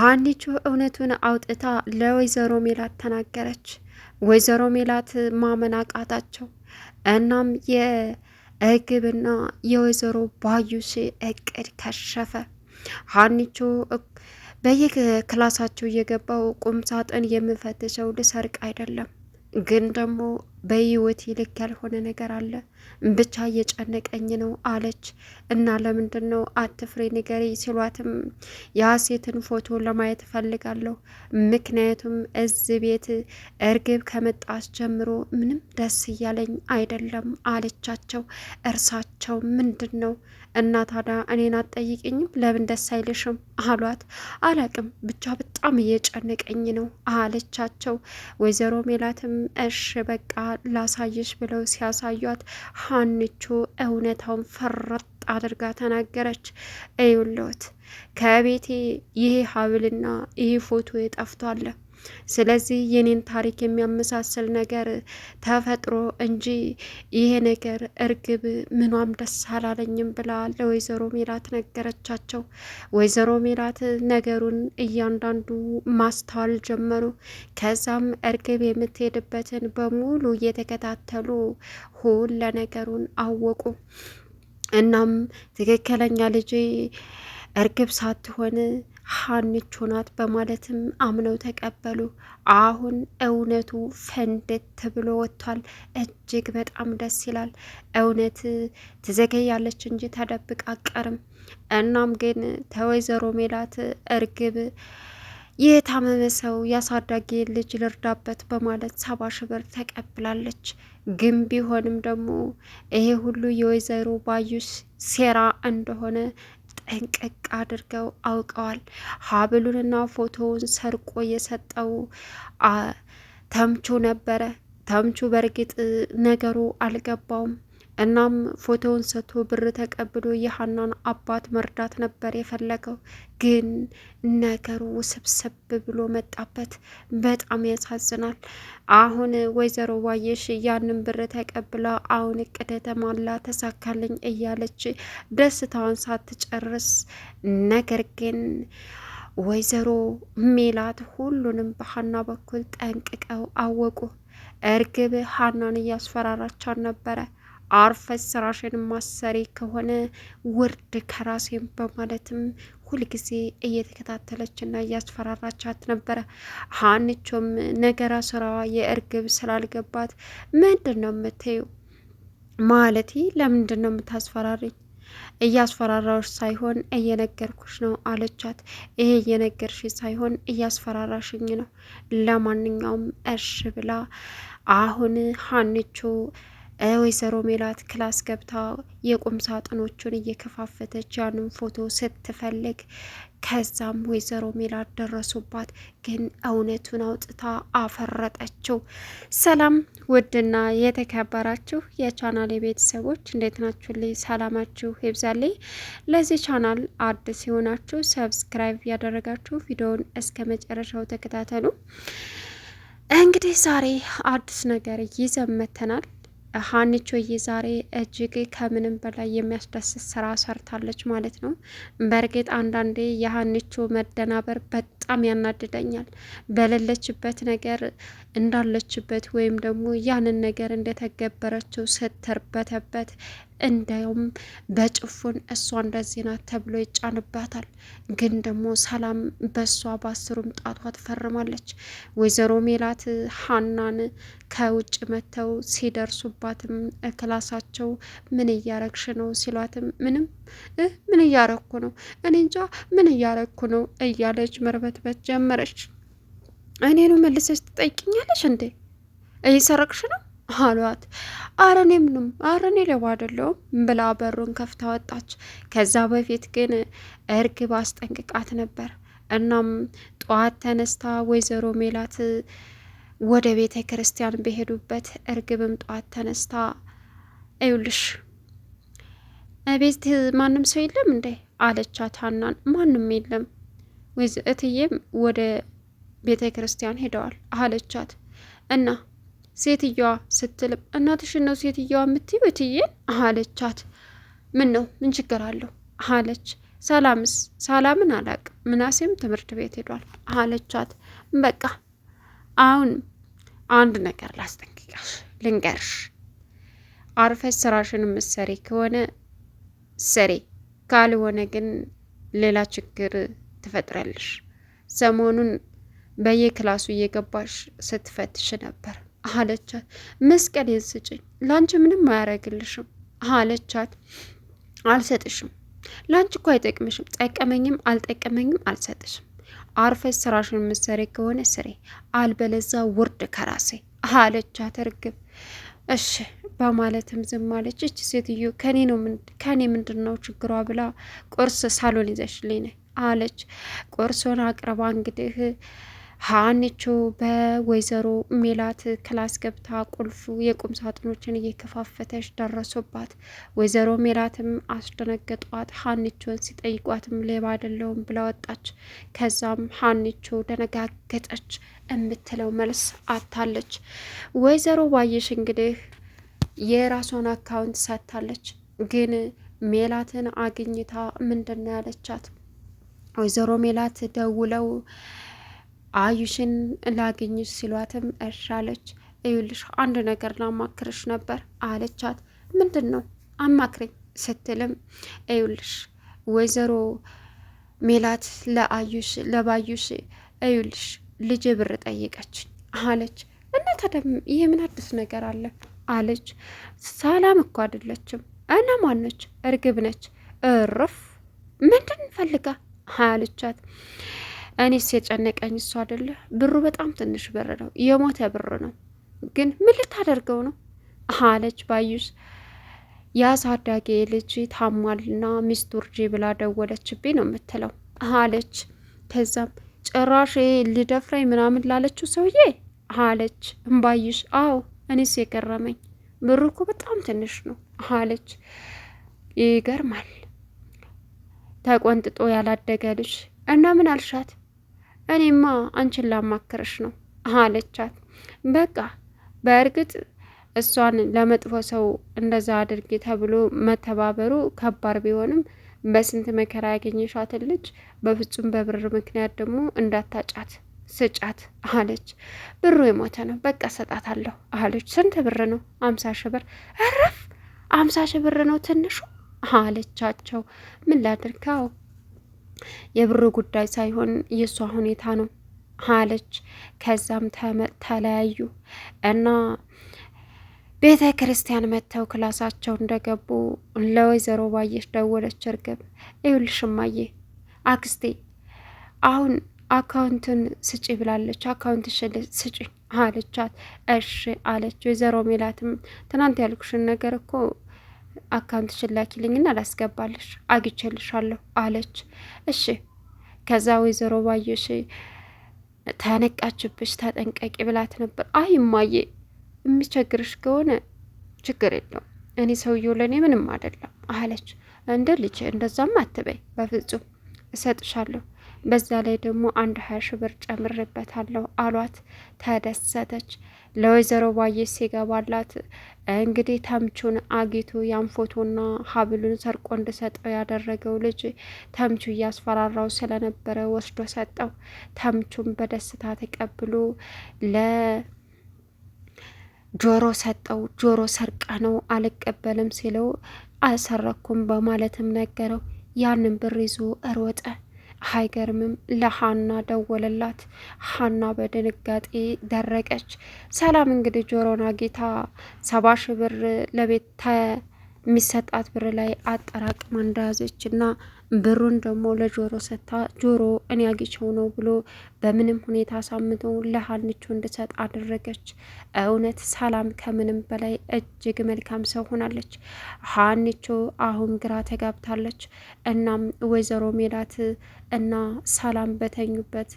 ሀኒቹ እውነቱን አውጥታ ለወይዘሮ ሜላት ተናገረች። ወይዘሮ ሜላት ማመን አቃታቸው። እናም የእርግብና የወይዘሮ ባዩሽ እቅድ ከሸፈ። ሀኒቹ በየክላሳቸው እየገባው ቁም ሳጥን የምፈትሸው ልሰርቅ አይደለም ግን ደግሞ በህይወት ይልክ ያልሆነ ነገር አለ ብቻ እየጨነቀኝ ነው አለች እና ለምንድን ነው አትፍሬ ንገሪ ሲሏትም የሀሴትን ፎቶ ለማየት እፈልጋለሁ ምክንያቱም እዚህ ቤት እርግብ ከመጣች ጀምሮ ምንም ደስ እያለኝ አይደለም አለቻቸው እርሳቸው ምንድን ነው እና ታዲያ እኔን አትጠይቅኝም? ለምን ደስ አይልሽም አሏት። አላቅም ብቻ በጣም እየጨነቀኝ ነው አለቻቸው። ወይዘሮ ሜላትም እሽ በቃ ላሳየሽ ብለው ሲያሳዩት ሀንቹ እውነታውን ፈረጥ አድርጋ ተናገረች። እዩሎት ከቤቴ ይሄ ሀብልና ይሄ ፎቶ የጠፍቷለ። ስለዚህ የኔን ታሪክ የሚያመሳስል ነገር ተፈጥሮ እንጂ ይሄ ነገር እርግብ ምኗም ደስ አላለኝም ብላ ለወይዘሮ ሜላት ነገረቻቸው። ወይዘሮ ሜላት ነገሩን እያንዳንዱ ማስተዋል ጀመሩ። ከዛም እርግብ የምትሄድበትን በሙሉ እየተከታተሉ ሁለ ነገሩን አወቁ። እናም ትክክለኛ ልጄ እርግብ ሳትሆን ሀንቾ ናት በማለትም አምነው ተቀበሉ። አሁን እውነቱ ፈንደት ብሎ ወጥቷል። እጅግ በጣም ደስ ይላል። እውነት ትዘገያለች እንጂ ተደብቅ አቀርም። እናም ግን ተወይዘሮ ሜላት እርግብ የታመመ ሰው ያሳዳጊ ልጅ ልርዳበት በማለት ሰባ ብር ተቀብላለች። ግን ቢሆንም ደግሞ ይሄ ሁሉ የወይዘሮ ባዩስ ሴራ እንደሆነ ጠንቀቅ አድርገው አውቀዋል። ሀብሉንና ፎቶውን ሰርቆ የሰጠው ተምቹ ነበረ። ተምቹ በእርግጥ ነገሩ አልገባውም። እናም ፎቶውን ሰጥቶ ብር ተቀብሎ የሀናን አባት መርዳት ነበር የፈለገው። ግን ነገሩ ውስብስብ ብሎ መጣበት። በጣም ያሳዝናል። አሁን ወይዘሮ ዋየሽ ያንን ብር ተቀብላ አሁን እቅደ ተሟላ ተሳካልኝ እያለች ደስታዋን ሳትጨርስ ነገር ግን ወይዘሮ ሜላት ሁሉንም በሀና በኩል ጠንቅቀው አወቁ። እርግብ ሀናን እያስፈራራቻን ነበረ አርፈት ስራሽን ማሰሪ ከሆነ ውርድ ከራሴን በማለትም ሁልጊዜ እየተከታተለችና እያስፈራራቻት ነበረ። ሀንቾም ነገራ ስራዋ የእርግብ ስላልገባት ምንድን ነው የምትዩ? ማለቴ ለምንድን ነው የምታስፈራሪኝ? እያስፈራራሽ ሳይሆን እየነገርኩሽ ነው አለቻት። ይሄ እየነገርሽ ሳይሆን እያስፈራራሽኝ ነው። ለማንኛውም እርሽ ብላ አሁን ሀንቾ ወይዘሮ ሜላት ክላስ ገብታ የቁም ሳጥኖቹን እየከፋፈተች ያንን ፎቶ ስትፈልግ ከዛም ወይዘሮ ሜላት ደረሱባት። ግን እውነቱን አውጥታ አፈረጠችው። ሰላም ውድና የተከበራችሁ የቻናል የቤተሰቦች እንዴት ላይ ሰላማችሁ ይብዛልኝ። ለዚህ ቻናል አዲስ የሆናችሁ ሰብስክራይብ ያደረጋችሁ ቪዲዮውን እስከ መጨረሻው ተከታተሉ። እንግዲህ ዛሬ አዲስ ነገር ይዘመተናል ሀንቾዬ ዛሬ እጅግ ከምንም በላይ የሚያስደስት ስራ ሰርታለች ማለት ነው። በእርግጥ አንዳንዴ የሀንቾ መደናበር በጣም ያናድደኛል። በሌለችበት ነገር እንዳለችበት ወይም ደግሞ ያንን ነገር እንደተገበረችው ስትርበተበት እንዳውም በጭፉን እሷ እንደዚህ ናት ተብሎ ይጫንባታል። ግን ደግሞ ሰላም በእሷ በአስሩም ጣቷ ትፈርማለች። ወይዘሮ ሜላት ሀናን ከውጭ መጥተው ሲደርሱባትም ክላሳቸው ምን እያረግሽ ነው ሲሏትም ምንም ምን እያረግኩ ነው እኔ እንጃ ምን እያረግኩ ነው እያለች መርበትበት ጀመረች። እኔኑ መልሰች ትጠይቅኛለች እንዴ እየሰረቅሽ ነው አሏት። አረ እኔ ምንም አረ እኔ ሌባ አይደለሁም ብላ በሩን ከፍታ ወጣች። ከዛ በፊት ግን እርግብ አስጠንቅቃት ነበር። እናም ጠዋት ተነስታ ወይዘሮ ሜላት ወደ ቤተ ክርስቲያን በሄዱበት እርግብም ጠዋት ተነስታ እዩልሽ ቤት ማንም ሰው የለም እንዴ አለቻት ሀናን። ማንም የለም እትዬም ወደ ቤተ ክርስቲያን ሄደዋል አለቻት እና ሴትዮዋ ስትልም እናትሽ ነው ሴትዮዋ የምትይው እትዬ አለቻት። ምን ነው ምን ችግር አለው አለች። ሰላምስ ሰላምን አላቅ ምናሴም ትምህርት ቤት ሄዷል አለቻት። በቃ አሁን አንድ ነገር ላስጠንቅቃሽ ልንገርሽ፣ አርፈሽ ስራሽን ምሰሪ ከሆነ ስሪ፣ ካልሆነ ግን ሌላ ችግር ትፈጥረልሽ። ሰሞኑን በየክላሱ እየገባሽ ስትፈትሽ ነበር አለቻት። መስቀሌን ስጭኝ፣ ላንቺ ምንም አያረግልሽም አለቻት። አልሰጥሽም፣ ላንቺ እኮ አይጠቅምሽም። ጠቀመኝም አልጠቀመኝም አልሰጥሽም። አርፈሽ ስራሽን ምሰሬ ከሆነ ስሬ፣ አልበለዛ ውርድ ከራሴ አለቻት እርግብ። እሺ በማለትም ዝም አለች። እች ሴትዮ ከኔ ነው ከኔ ምንድን ነው ችግሯ ብላ ቁርስ ሳሎን ይዘሽልኝ ነይ አለች። ቁርሶን አቅርባ እንግዲህ ሀንቾ በወይዘሮ ሜላት ክላስ ገብታ ቁልፉ የቁም ሳጥኖችን እየከፋፈተች ደረሱባት። ወይዘሮ ሜላትም አስደነገጧት። ሀንቾን ሲጠይቋትም ሌባ አይደለውም ብላ ወጣች። ከዛም ሀንቾ ደነጋገጠች። የምትለው መልስ አታለች። ወይዘሮ ባየሽ እንግዲህ የራሷን አካውንት ሰጥታለች። ግን ሜላትን አግኝታ ምንድን ነው ያለቻት? ወይዘሮ ሜላት ደውለው አዩሽን ላገኝሽ ሲሏትም እሺ አለች። እዩልሽ አንድ ነገር ላማክርሽ ነበር አለቻት። ምንድን ነው አማክረኝ ስትልም እዩልሽ ወይዘሮ ሜላት ለአዩሽ ለባዩሽ እዩልሽ ልጅ ብር ጠይቀችኝ አለች። እና ታዲያ ይሄ ምን አዲስ ነገር አለ አለች። ሰላም እኮ አይደለችም። እና ማነች? እርግብ ነች። እርፍ ምንድን ፈልጋ አለቻት። እኔስ የጨነቀኝ እሱ አይደለ? ብሩ በጣም ትንሽ ብር ነው፣ የሞተ ብር ነው። ግን ምን ልታደርገው ነው አለች ባዩሽ። የአሳዳጊ ልጅ ታሟልና ሚስቱ እርጂ ብላ ደወለችብኝ ነው የምትለው አለች። ከዛም ጭራሽ ልደፍረኝ ምናምን ላለችው ሰውዬ አለች እምባይሽ። አዎ እኔስ የገረመኝ ብሩ እኮ በጣም ትንሽ ነው አለች። ይገርማል። ተቆንጥጦ ያላደገ ልጅ እና ምን አልሻት? እኔማ አንቺን ላማክርሽ ነው አለቻት። በቃ በእርግጥ እሷን ለመጥፎ ሰው እንደዛ አድርጌ ተብሎ መተባበሩ ከባድ ቢሆንም በስንት መከራ ያገኘሻትን ልጅ በፍጹም በብር ምክንያት ደግሞ እንዳታጫት ስጫት አለች። ብሩ የሞተ ነው በቃ ሰጣታለሁ አለች። ስንት ብር ነው? አምሳ ሺ ብር። እረፍ አምሳ ሺ ብር ነው ትንሹ አለቻቸው። ምን ላድርግ? አዎ የብር ጉዳይ ሳይሆን የእሷ ሁኔታ ነው አለች። ከዛም ተለያዩ እና ቤተ ክርስቲያን መጥተው ክላሳቸው እንደገቡ ለወይዘሮ ባየች ደወለች። እርግብ ይኸውልሽ አክስቴ አሁን አካውንትን ስጪ ብላለች። አካውንት ስጪ አለቻት። እሺ አለች። ወይዘሮ ሜላትም ትናንት ያልኩሽን ነገር እኮ አካውንት ሽላኪልኝና ላስገባልሽ አግቼልሻለሁ አለች። እሺ ከዛ ወይዘሮ ባየሽ ተነቃችብሽ ተጠንቀቂ ብላት ነበር። አይ እማዬ የሚቸግርሽ ከሆነ ችግር የለው እኔ ሰውየው ለእኔ ምንም አይደለም አለች። እንደ ልጅ እንደዛም አትበይ በፍጹም እሰጥሻለሁ በዛ ላይ ደግሞ አንድ ሀያ ሺህ ብር ጨምርበታለሁ አሏት። ተደሰተች። ለወይዘሮ ባየስ ሲገባላት እንግዲህ ተምቹን አጊቱ ያን ፎቶና ሀብሉን ሰርቆ እንድሰጠው ያደረገው ልጅ ተምቹ እያስፈራራው ስለነበረ ወስዶ ሰጠው። ተምቹን በደስታ ተቀብሎ ለጆሮ ሰጠው። ጆሮ ሰርቃ ነው አልቀበልም ሲለው አልሰረኩም በማለትም ነገረው። ያንን ብር ይዞ እሮጠ። አይገርምም። ለሀና ደወለላት። ሀና በድንጋጤ ደረቀች። ሰላም እንግዲህ ጆሮን ጌታ ሰባ ሺ ብር ለቤት የሚሰጣት ብር ላይ አጠራቅማ እንደያዘች እና ብሩን ደግሞ ለጆሮ ሰታ ጆሮ እኔ አግኝቼው ነው ብሎ በምንም ሁኔታ አሳምቶ ለሀንቾ እንድሰጥ አደረገች። እውነት ሰላም ከምንም በላይ እጅግ መልካም ሰው ሆናለች። ሀንቾ አሁን ግራ ተጋብታለች። እናም ወይዘሮ ሜላት እና ሰላም በተኙበት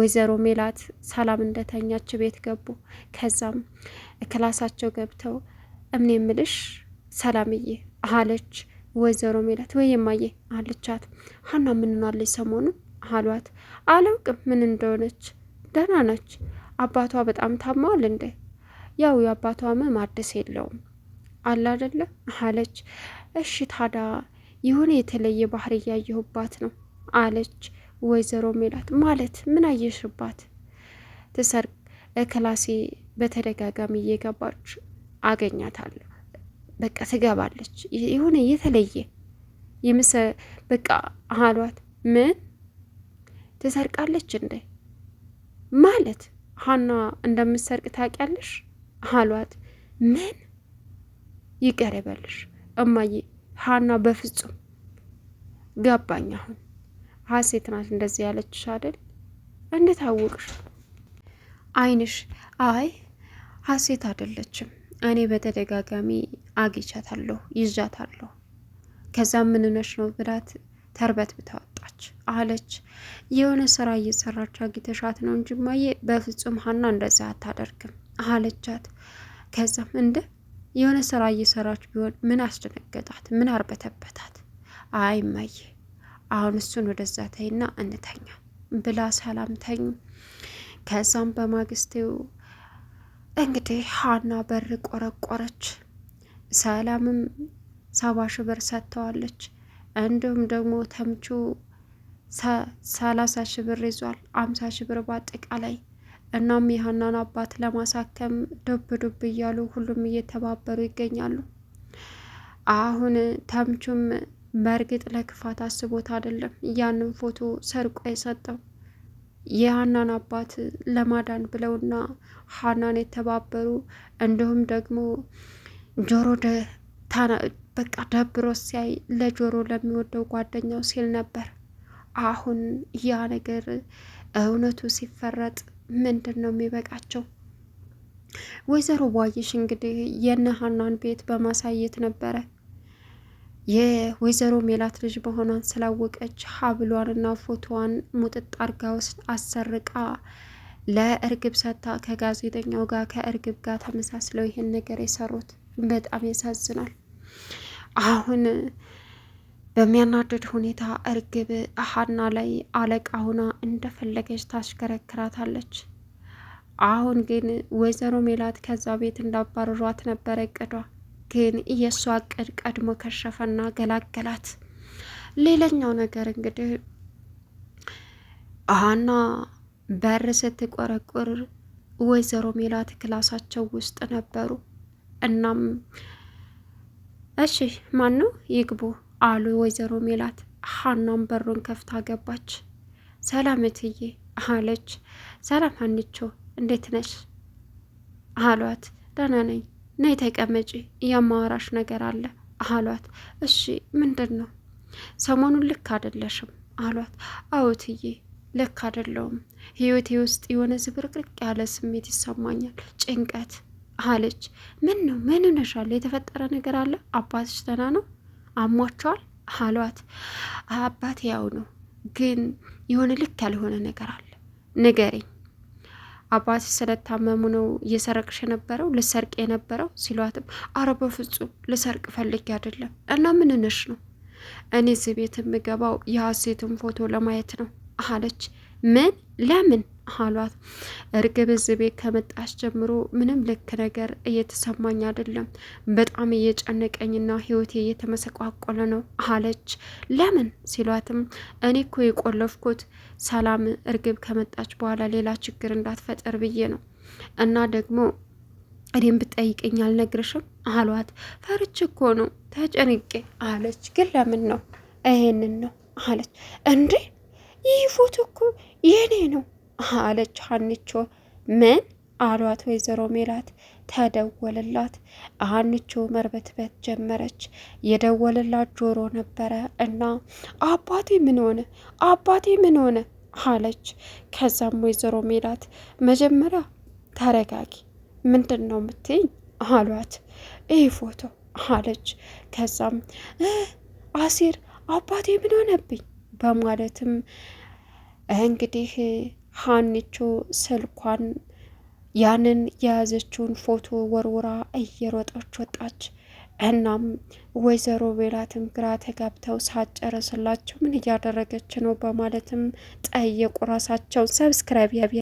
ወይዘሮ ሜላት ሰላም እንደተኛች ቤት ገቡ። ከዛም ክላሳቸው ገብተው እምኔ ምልሽ ሰላምዬ አለች ወይዘሮ ሜላት ወይ የማየ አለቻት። ሀና ምንናለች ሰሞኑ አሏት። አላውቅም ምን እንደሆነች ደህና ነች። አባቷ በጣም ታማዋል እንዴ? ያው የአባቷ ህመም አዲስ የለውም አለ አደለ አለች። እሺ ታዳ የሆነ የተለየ ባህሪ እያየሁባት ነው አለች ወይዘሮ ሜላት። ማለት ምን አየሽባት? ትሰርቅ ክላሴ በተደጋጋሚ እየገባች አገኛታለሁ በቃ ትገባለች። የሆነ የተለየ የምሰ በቃ አሏት። ምን ትሰርቃለች እንዴ ማለት ሀና እንደምትሰርቅ ታውቂያለሽ አሏት። ምን ይቅር ይበልሽ እማዬ ሀና በፍጹም ገባኝ። አሁን ሀሴት ናት እንደዚህ ያለችሽ አይደል? እንዴት አወቅሽ? አይንሽ አይ ሀሴት አይደለችም እኔ በተደጋጋሚ አግኝቻታለሁ፣ ይዣታለሁ። ከዛ ነሽ ነው ብላት ተርበት ብታወጣች አለች። የሆነ ስራ እየሰራች አግኝተሻት ነው እንጂ ማዬ በፍጹም ሀና እንደዛ አታደርግም አለቻት። ከዛም እንደ የሆነ ስራ እየሰራች ቢሆን ምን አስደነገጣት? ምን አርበተበታት? አይ ማዬ አሁን እሱን ወደዛ ተይና እንተኛ ብላ ሰላም ተኙ። ከዛም በማግስቴው እንግዲህ ሀና በር ቆረቆረች። ሰላምም ሰባ ሺህ ብር ሰጥተዋለች። እንዲሁም ደግሞ ተምቹ ሰላሳ ሺህ ብር ይዟል፣ አምሳ ሺህ ብር በአጠቃላይ እናም የሀናን አባት ለማሳከም ዱብ ዱብ እያሉ ሁሉም እየተባበሩ ይገኛሉ። አሁን ተምቹም በእርግጥ ለክፋት አስቦት አይደለም ያንን ፎቶ ሰርቆ የሰጠው የሀናን አባት ለማዳን ብለውና ሀናን የተባበሩ እንዲሁም ደግሞ ጆሮ በቃ ደብሮ ሲያይ ለጆሮ ለሚወደው ጓደኛው ሲል ነበር። አሁን ያ ነገር እውነቱ ሲፈረጥ ምንድን ነው የሚበቃቸው? ወይዘሮ ባየሽ እንግዲህ የነሀናን ቤት በማሳየት ነበረ የወይዘሮ ሜላት ልጅ መሆኗን ስላወቀች ሀብሏንና ፎቶዋን ሙጥጥ አርጋ ውስጥ አሰርቃ ለእርግብ ሰታ ከጋዜጠኛው ጋር ከእርግብ ጋር ተመሳስለው ይህን ነገር የሰሩት በጣም ያሳዝናል። አሁን በሚያናድድ ሁኔታ እርግብ ሀና ላይ አለቃ ሁና እንደፈለገች ታሽከረክራታለች። አሁን ግን ወይዘሮ ሜላት ከዛ ቤት እንዳባረሯት ነበረ እቅዷ። ግን የእሷ እቅድ ቀድሞ ከሸፈና ገላገላት። ሌላኛው ነገር እንግዲህ ሀና በር ስትቆረቁር ወይዘሮ ሜላት ክላሳቸው ውስጥ ነበሩ። እናም እሺ ማን ነው ይግቡ አሉ ወይዘሮ ሜላት። ሀናም በሩን ከፍታ ገባች። ሰላም እትዬ አለች። ሰላም ሀንቾ እንዴት ነሽ አሏት። ደህና ነኝ ነይ ተቀመጪ እያማወራሽ ነገር አለ አሏት። እሺ ምንድን ነው? ሰሞኑን ልክ አይደለሽም አሏት። አውትዬ ልክ አይደለውም። ህይወቴ ውስጥ የሆነ ዝብርቅርቅ ያለ ስሜት ይሰማኛል፣ ጭንቀት አለች። ምን ነው? ምን ሆነሻል? የተፈጠረ ነገር አለ? አባትሽ ደህና ነው? አሟቸዋል አሏት። አባቴ ያው ነው፣ ግን የሆነ ልክ ያልሆነ ነገር አለ፣ ንገሪኝ አባት ስለታመሙ ነው እየሰረቅሽ የነበረው ልሰርቅ የነበረው ሲሏትም፣ አረ በፍጹም ልሰርቅ ፈልጌ አይደለም። እና ምን ነሽ ነው? እኔ እዚህ ቤት የምገባው የሀሴትን ፎቶ ለማየት ነው አለች። ምን ለምን አሏት። እርግብ እዚህ ቤት ከመጣች ጀምሮ ምንም ልክ ነገር እየተሰማኝ አይደለም፣ በጣም እየጨነቀኝና ህይወቴ እየተመሰቋቆለ ነው አለች። ለምን ሲሏትም እኔ እኮ የቆለፍኩት ሰላም እርግብ ከመጣች በኋላ ሌላ ችግር እንዳትፈጠር ብዬ ነው እና ደግሞ እኔም ብጠይቅኝ አልነግርሽም አሏት። ፈርች እኮ ነው ተጨንቄ አለች። ግን ለምን ነው ይሄንን ነው አለች። እንዴ ይህ ፎቶ እኮ የኔ ነው አለች ሀኒቾ። ምን አሏት ወይዘሮ ሜላት። ተደወለላት። ሀኒቾ መርበትበት ጀመረች። የደወለላት ጆሮ ነበረ እና አባቴ ምን ሆነ? አባቴ ምን ሆነ አለች። ከዛም ወይዘሮ ሜላት መጀመሪያ ተረጋጊ፣ ምንድን ነው የምትይኝ አሏት። ይህ ፎቶ አለች። ከዛም አሲር አባቴ ምን ሆነብኝ በማለትም እንግዲህ ሀኒቾ ስልኳን ያንን የያዘችውን ፎቶ ወርውራ እየሮጠች ወጣች። እናም ወይዘሮ ቤላትም ግራ ተጋብተው ሳጨረስላቸው ምን እያደረገች ነው በማለትም ጠየቁ ራሳቸው። ሰብስክራይብ